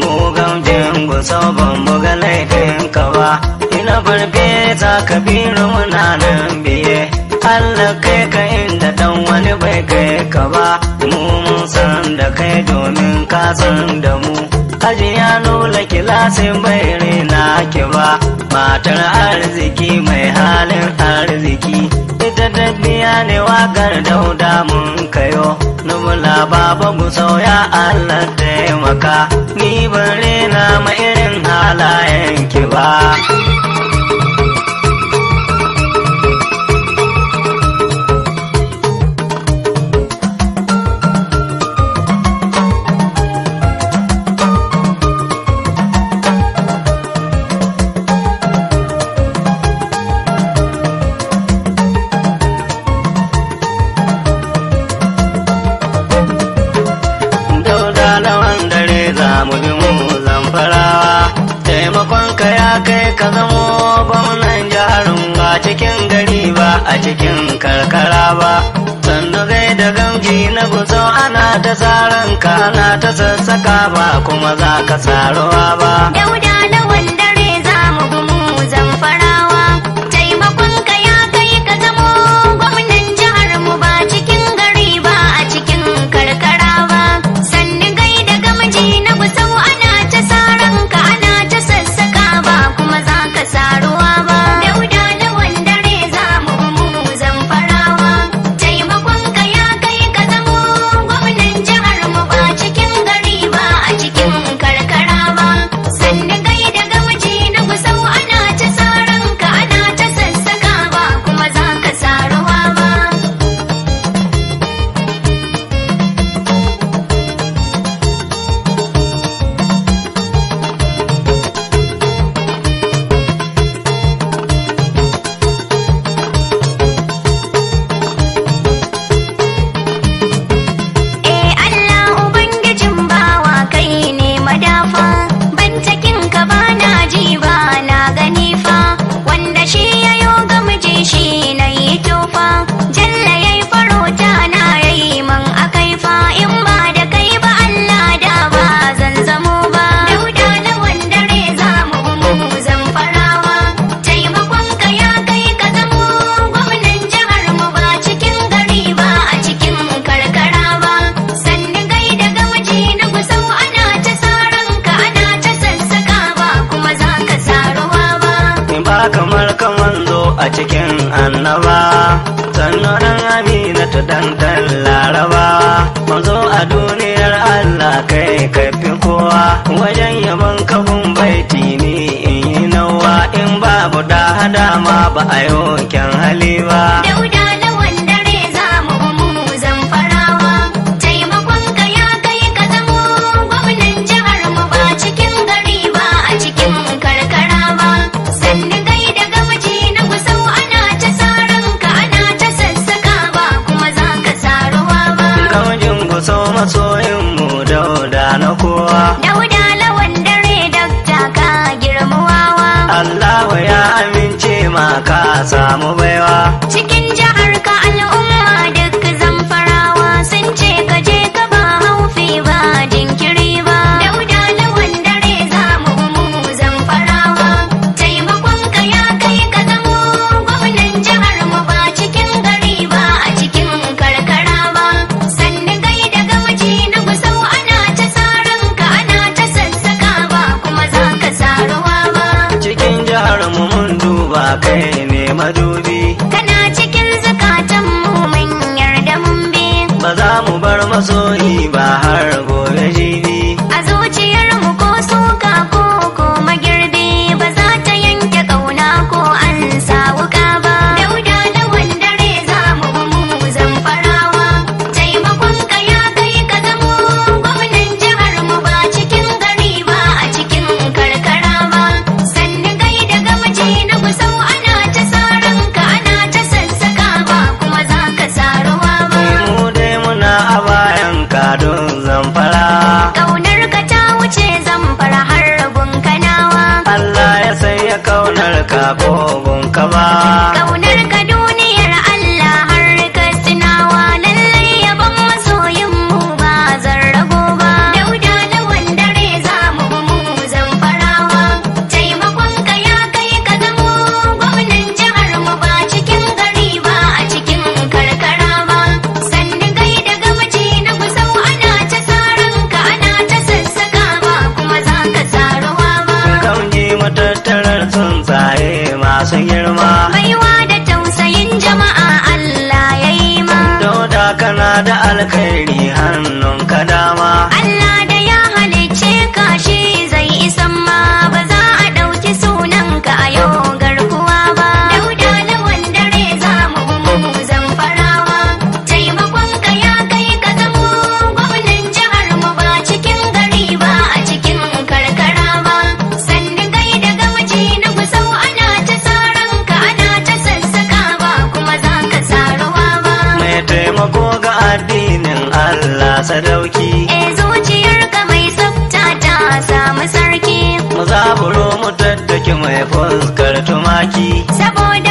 mugan jingu sabon muga laifin ka ba ina barbe za ka biro muna nan biye Allah kai ka inda dan wani bai kai ka ba mu mun san da kai domin ka san da mu aji ya nuna kilasin bai rena ki ba matar arziki mai halin arziki ta dabiya ne wakar dauda mun kayo nubula babu gusau ya Allah taimaka ni bare na ma irin halayen ki ba ta na kana ta sassaka ba kuma za ka tsaruwa ba a cikin annaba sannan aminatu dandan laraba mazo a duniyar allah kai kafi kowa wajen yaban kafin baiti ne in yi nawa in babu da hada ma ba a yokin hali ba it. mai fuskar tumaki. Saboda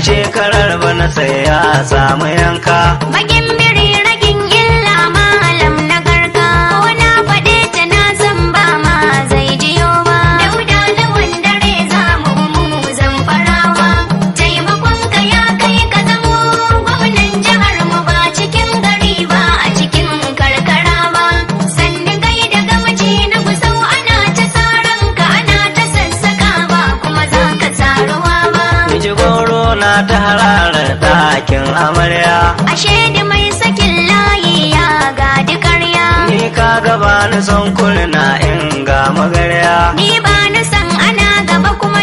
shekarar bana sai ya samu yanka. ta hararar dakin amarya. Ashe da mai sakin layi ya gadi karya. Ni ka gaba na son kurna in ga magarya. Ni ba na san ana gaba kuma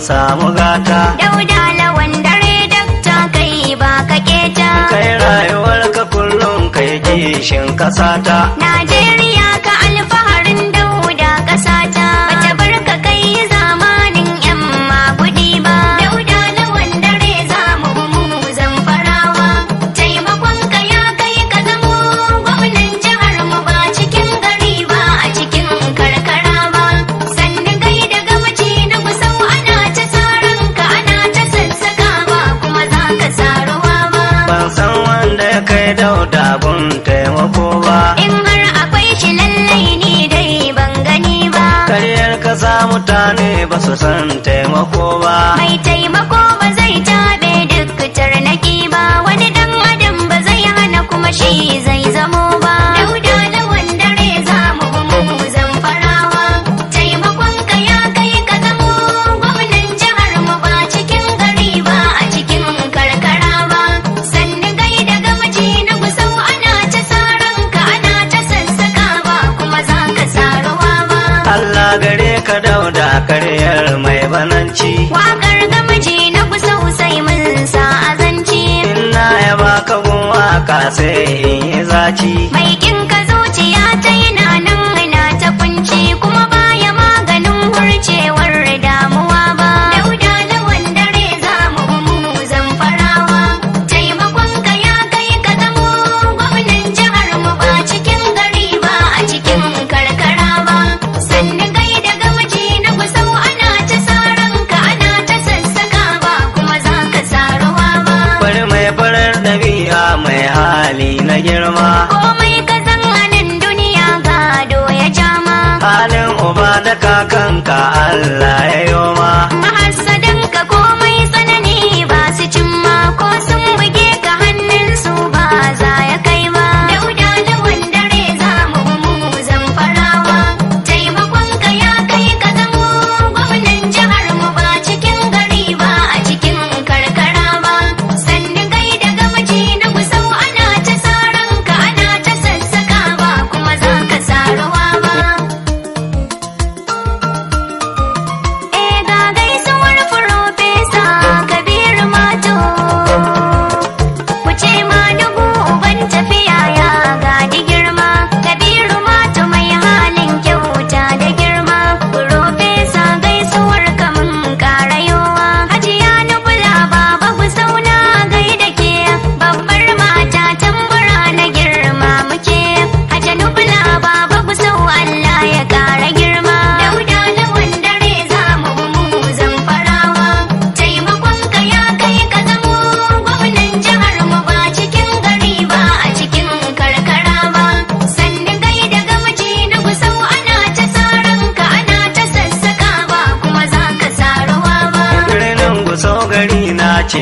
samu gata dauda lawan dare dakta kai ba ka keta kai rayuwar ka kullum kai kishin kasata najeriya mutane ba su san taimako ba. Mai taimako ba zai jabe duk tarnar Wakar da na kusa usai mun sa azanci. Ina ya baka gun waka sai in yi zaci. Mai kin ka zuciya ta yi da kakanka Allah ya yoma.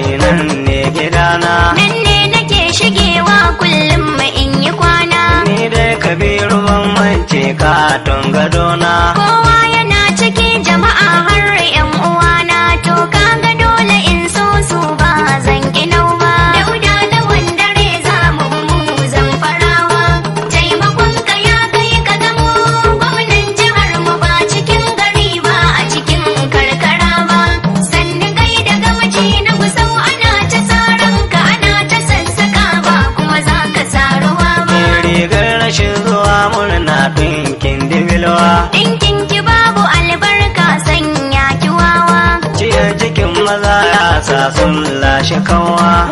ce nan ne gidana. Nan ne nake shigewa kullum in yi kwana. Ni dai kabiru ban mance katon gadona. safin sun lashe kawa.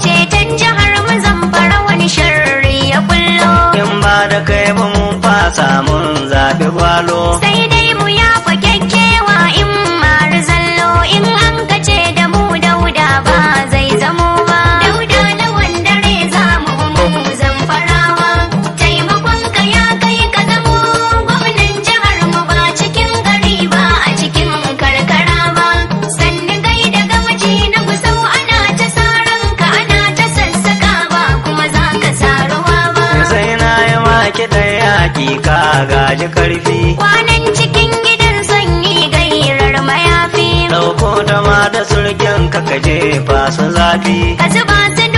J yaƙi ka gaji karfi kwanan cikin gidan sanyi gairar mayafi ɗauko ta ma da surgin ka ka zafi ka zuba su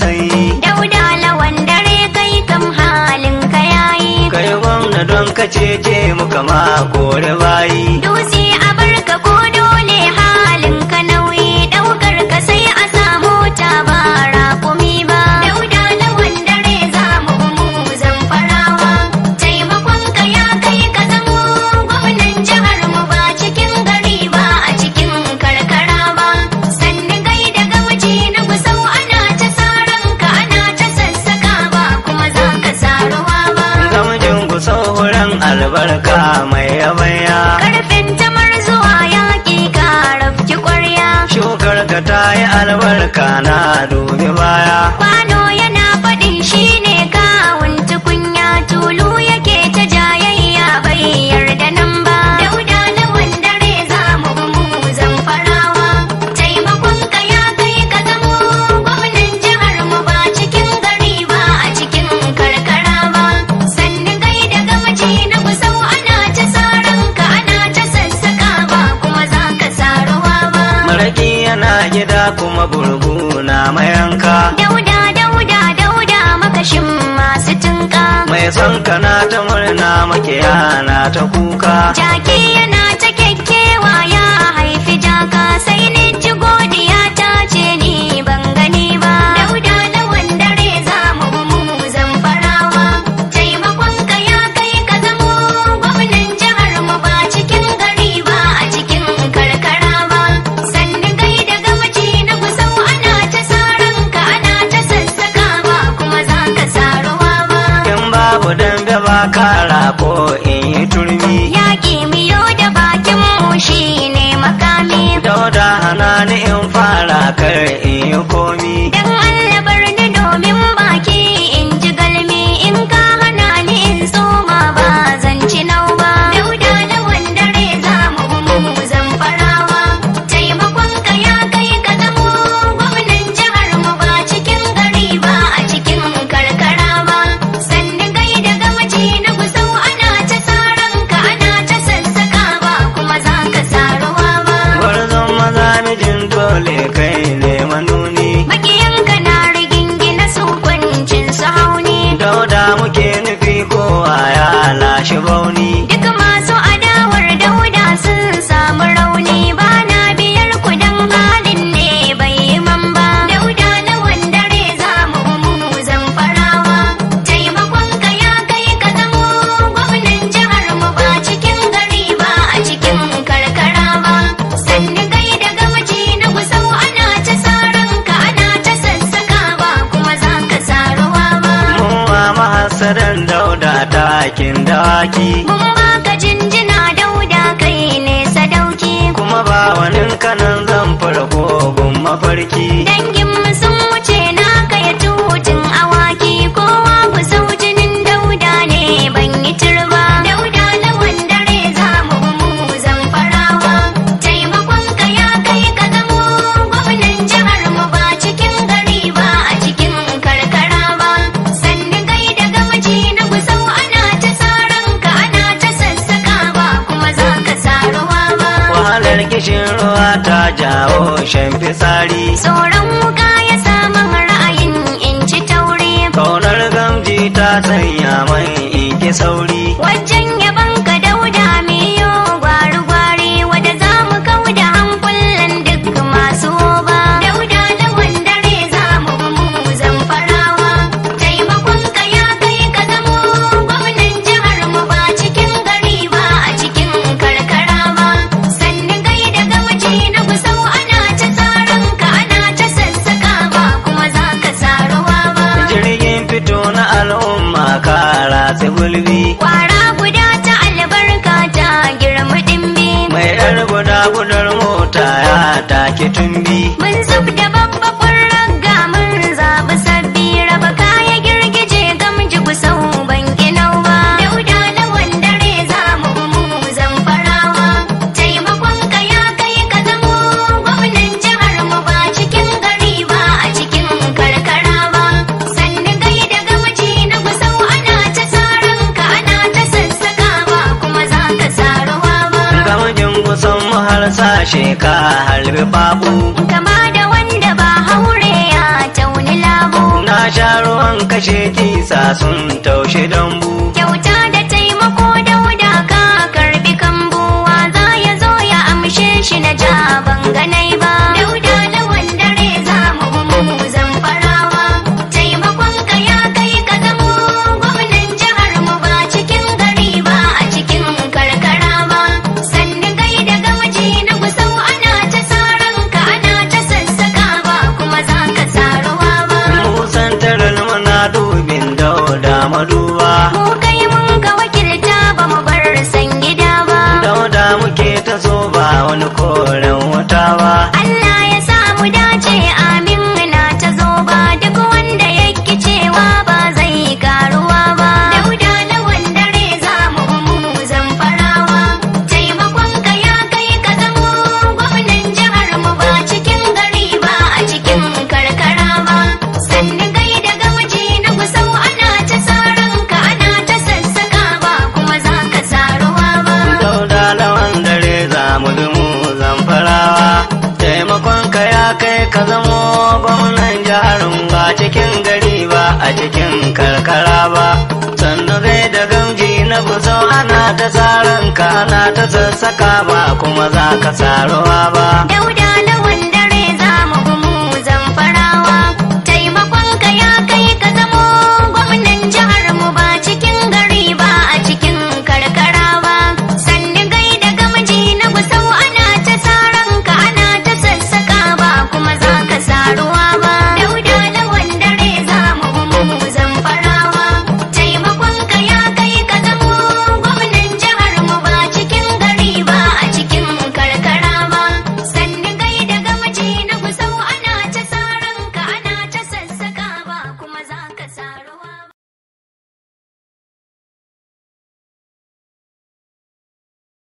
sai dauda lawan dare kai kam halin ka yayi kai gwamna don ka cece mu kama kore bayi dutse a barka da? Allah mai baya? Karfin tamar zuwa yaƙi ka rafki ƙwarya. Shukar ka ta yi albarka na dubi baya. san kana ta murna yana ta kuka jaki yana ba kara ko in yi turmi. Yaƙi miyo da bakin mu shi ne makami. Dauda hana ni in fara kar in yi komi. Dan Allah babu kama da wanda ba haure ya tauni labu na sha ruwan kashe kisa sun taushe don ta tsaron na ta sassaka ba kuma za ka tsaruwa ba. Dauda